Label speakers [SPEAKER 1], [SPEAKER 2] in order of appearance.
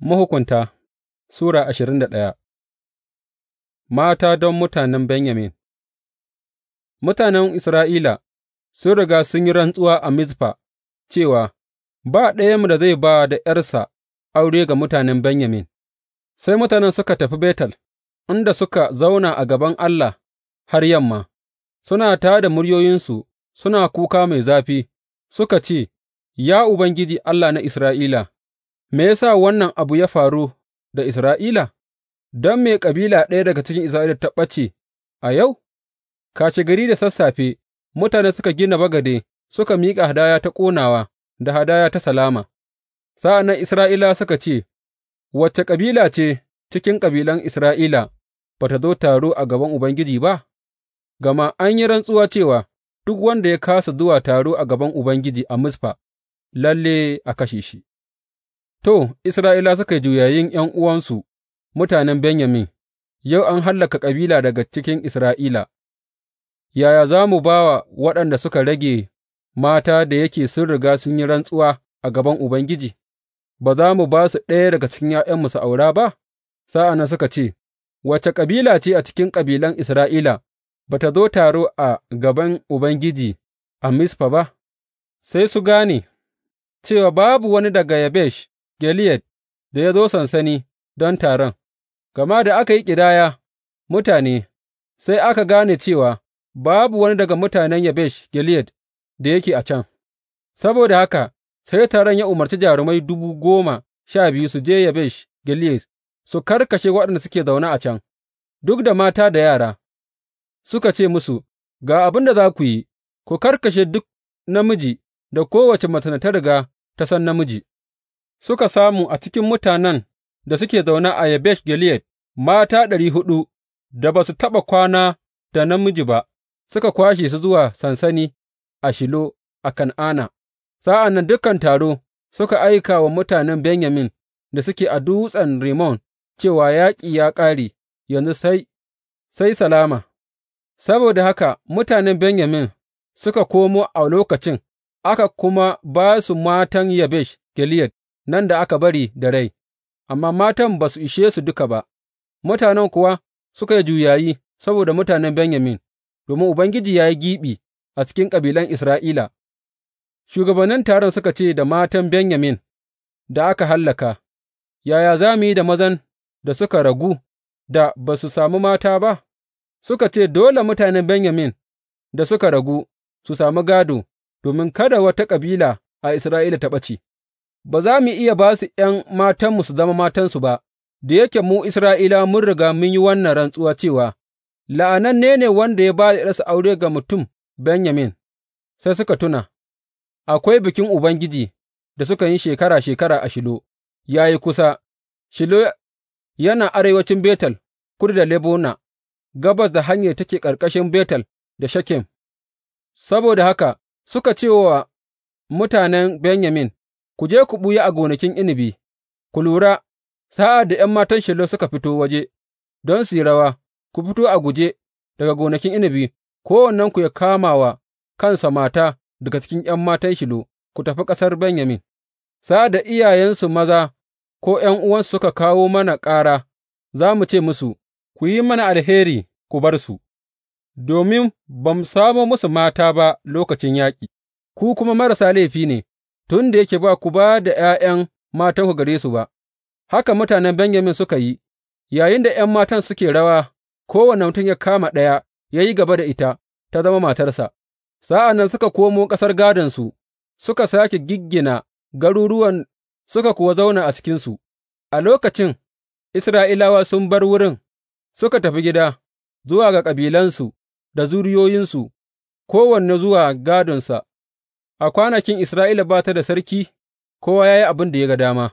[SPEAKER 1] Mahukunta Sura ashirin da ɗaya Mata don mutanen Benyamin Mutanen Isra'ila sun riga sun yi rantsuwa a Mizfa cewa, Ba ɗayanmu da zai ba da ’yarsa aure ga mutanen Benyamin, sai mutanen suka tafi Betel, inda suka zauna a gaban Allah har yamma, suna tā da muryoyinsu suna kuka mai zafi, suka ce, Ya Ubangiji, Allah na Isra'ila! Me ya sa wannan abu ya faru da Isra'ila? Don me kabila ɗaya daga cikin Isra'ila ta ɓace a yau? Kashegari da sassafe, mutane suka gina bagade suka miƙa hadaya ta ƙonawa da hadaya ta salama. Sa'an nan Isra'ila suka ce, Wace kabila ce cikin kabilan Isra'ila ba ta zo taro a gaban Ubangiji ba? Gama an yi rantsuwa cewa duk wanda ya kasa zuwa taro a gaban Ubangiji a Mizfa, lalle a kashe shi. To, Isra'ilawa suka yi juyayin ’yan'uwansu mutanen Benyamin, yau an hallaka kabila daga cikin Isra'ila, yaya za mu ba wa waɗanda suka rage mata da yake sun riga sun yi rantsuwa a gaban Ubangiji, ba za mu ba su ɗaya daga cikin ’ya'yanmu su aura ba? Sa'an nan suka ce, Wace kabila ce a cikin kabilan Isra'ila ba ta zo taro a gaban Ubangiji a Mizfa ba? Sai su gane cewa babu wani daga Yabesh Gileyad da ya zo sansani don taron, gama da aka yi ƙidaya mutane, sai aka gane cewa babu wani daga mutanen Yabesh Gileyad da yake a can, saboda haka sai taron ya umarci jarumai dubu goma sha biyu su je Yabesh Gileyad su karkashe waɗanda suke zaune a can, duk da mata da yara, suka ce musu, Ga abin da za ku yi, ku karkashe duk namiji da kowace mace ta riga ta san namiji. suka samu a cikin mutanen da suke zaune a Yabesh Gileyad mata ɗari huɗu da ba su taɓa kwana da namiji ba, suka kwashe su zuwa sansani a Shilo a Kan'ana. Sa'an nan dukan taro suka aika wa mutanen Benyamin da suke a dutsen Rimon cewa yaƙi ya ƙare, yanzu sai, sai salama. Saboda haka mutanen Benyamin suka komo a lokacin, aka kuma ba su matan Yabesh Gileyad. nan da aka bari da rai, amma matan ba su ishe su duka ba, mutanen kuwa suka yi juyayi saboda mutanen Benyamin, domin Ubangiji ya yi giɓi a cikin kabilan Isra'ila. Shugabannin taron suka ce da matan Benyamin da aka hallaka, Yaya za mu yi da mazan da suka ragu da ba su sami mata ba? Suka ce dole mutanen Benyamin da suka ragu su sami gado, domin kada wata kabila a Isra'ila ta ɓace. ba za mu iya ba su ’yan matanmu su zama matansu ba, da yake mu Isra'ila mun riga mun yi wannan rantsuwa cewa, La'ananne ne wanda ya ba da ’yarsa aure ga mutum Benyamin, sai suka tuna, akwai bikin Ubangiji da suka yi shekara-shekara a Shilo, ya yi kusa, Shilo yana arewacin Betel, kudu da Lebona, gabas da hanyar take ƙarƙashin Betel da Shekem. Saboda haka suka ce wa mutanen Benyamin, Ku je ku ɓuya a gonakin inabi, ku lura, sa'ad da ’yan matan Shilo suka fito waje don su yi rawa, ku fito a guje daga gonakin inabi, kowannenku ya kama wa kansa mata daga cikin ’yan matan Shilo, ku tafi ƙasar Benyamin, sa'ad da iyayensu maza ko ’yan'uwansu suka kawo mana ƙara, za mu ce musu, Ku yi mana alheri ku bar su, domin ba mu samo musu mata ba lokacin yaƙi, ku kuma marasa laifi ne. tun da yake ba ku ba da ’ya'yan matanku gare su ba, haka mutanen Benyamin suka yi, yayinda ’yan matan suke rawa, kowane mutum ya kama ɗaya, ya yi gaba da ita, ta zama matarsa. Sa'an nan suka komo ƙasar gādonsu, suka sake giggina garuruwan suka kuwa zauna a cikinsu, a lokacin Isra'ilawa sun bar wurin, suka tafi gida, zuwa ga kabilansu da zuriyoyinsu, kowanne zuwa gādonsa. A kwanakin Isra'ila ba ta da sarki, kowa ya yi abin da ya ga dama.